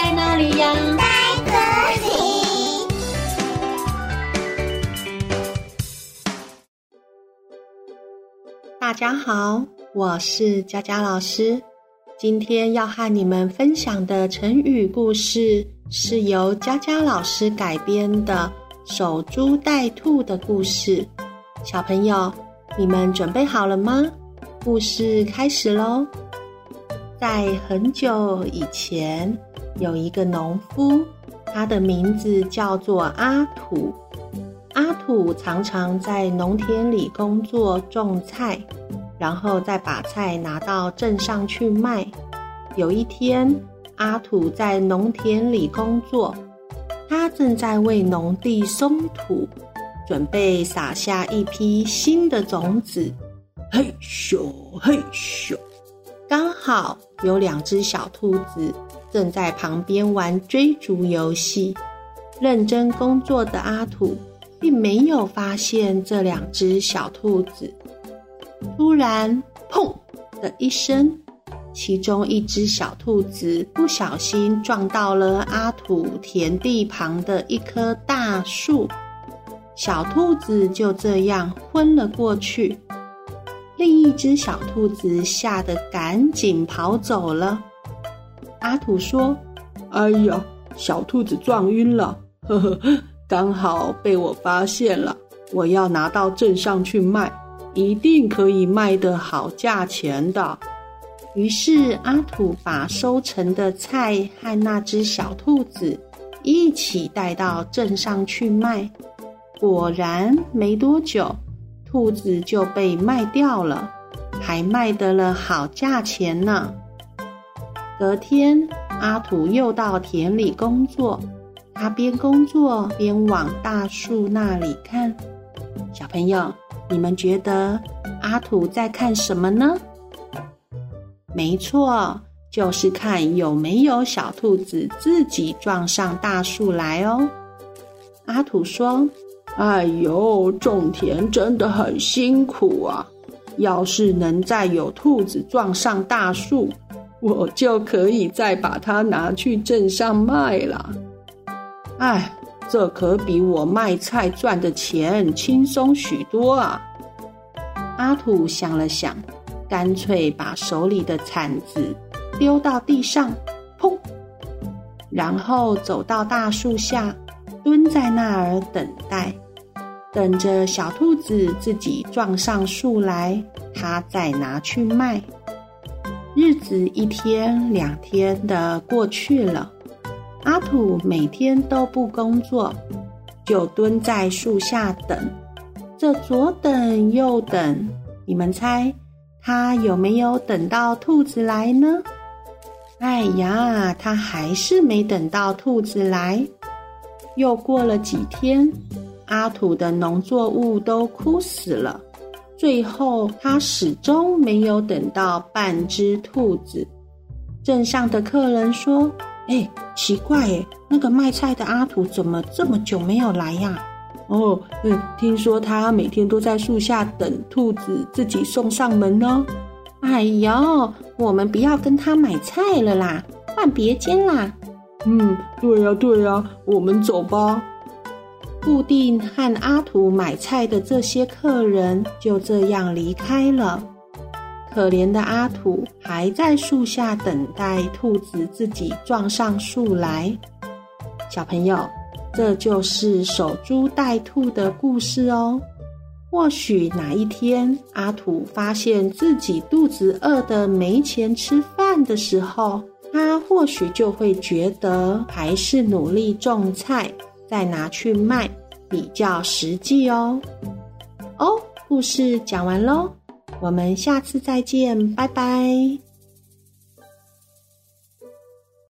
在哪裡呀？在這裡。大家好，我是佳佳老師。今天要和你們分享的成語故事，是由佳佳老師改編的《守株待兔》的故事。小朋友，你們準備好了嗎？故事開始嘍！在很久以前。有一個農夫，他的名字叫做阿土。阿土常常在農田裡工作種菜，然後再把菜拿到鎮上去賣。有一天，阿土在農田裡工作，他正在為農地鬆土，準備撒下一批新的種子。嘿咻嘿咻，剛好有兩隻小兔子。正在旁邊玩追逐遊戲，認真工作的阿土，並沒有發現這兩隻小兔子。突然，砰的一聲，其中一隻小兔子不小心撞到了阿土田地旁的一棵大樹，小兔子就這樣昏了過去。另一隻小兔子嚇得趕緊跑走了。阿土說：“哎呀，小兔子撞暈了，呵呵，剛好被我發現了。我要拿到鎮上去賣，一定可以賣得好價錢的。”於是阿土把收成的菜和那隻小兔子一起帶到鎮上去賣。果然，沒多久，兔子就被賣掉了，還賣得了好價錢呢。隔天，阿土又到田裡工作。他邊工作邊往大樹那裡看。小朋友，你們覺得阿土在看什麼呢？沒錯，就是看有沒有小兔子自己撞上大樹來哦。阿土說：“哎呦，種田真的很辛苦啊！要是能再有兔子撞上大樹。”我就可以再把它拿去鎮上賣了。哎，這可比我賣菜賺的錢輕鬆許多啊！阿土想了想，乾脆把手裡的鏟子丟到地上，砰！然後走到大樹下，蹲在那兒等待，等着小兔子自己撞上樹來，他再拿去賣。日子一天兩天的過去了，阿土每天都不工作，就蹲在樹下等。這左等右等，你們猜他有沒有等到兔子來呢？哎呀，他還是沒等到兔子來。又過了幾天，阿土的農作物都枯死了。最後，他始終沒有等到半隻兔子。鎮上的客人說：“哎，奇怪哎，那個賣菜的阿土怎麼這麼久沒有來呀？”“哦，嗯，聽說他每天都在樹下等兔子自己送上門呢。”“哎呦，我們不要跟他買菜了啦，換別間啦。”“嗯，對呀，對呀，我們走吧。”固定和阿土買菜的這些客人就這樣離開了。可憐的阿土還在樹下等待兔子自己撞上樹來。小朋友，這就是守株待兔的故事哦。或許哪一天阿土發現自己肚子餓得沒錢吃飯的時候，他或許就會覺得還是努力種菜。再拿去賣，比較實際哦。哦，故事講完嘍，我們下次再見，拜拜。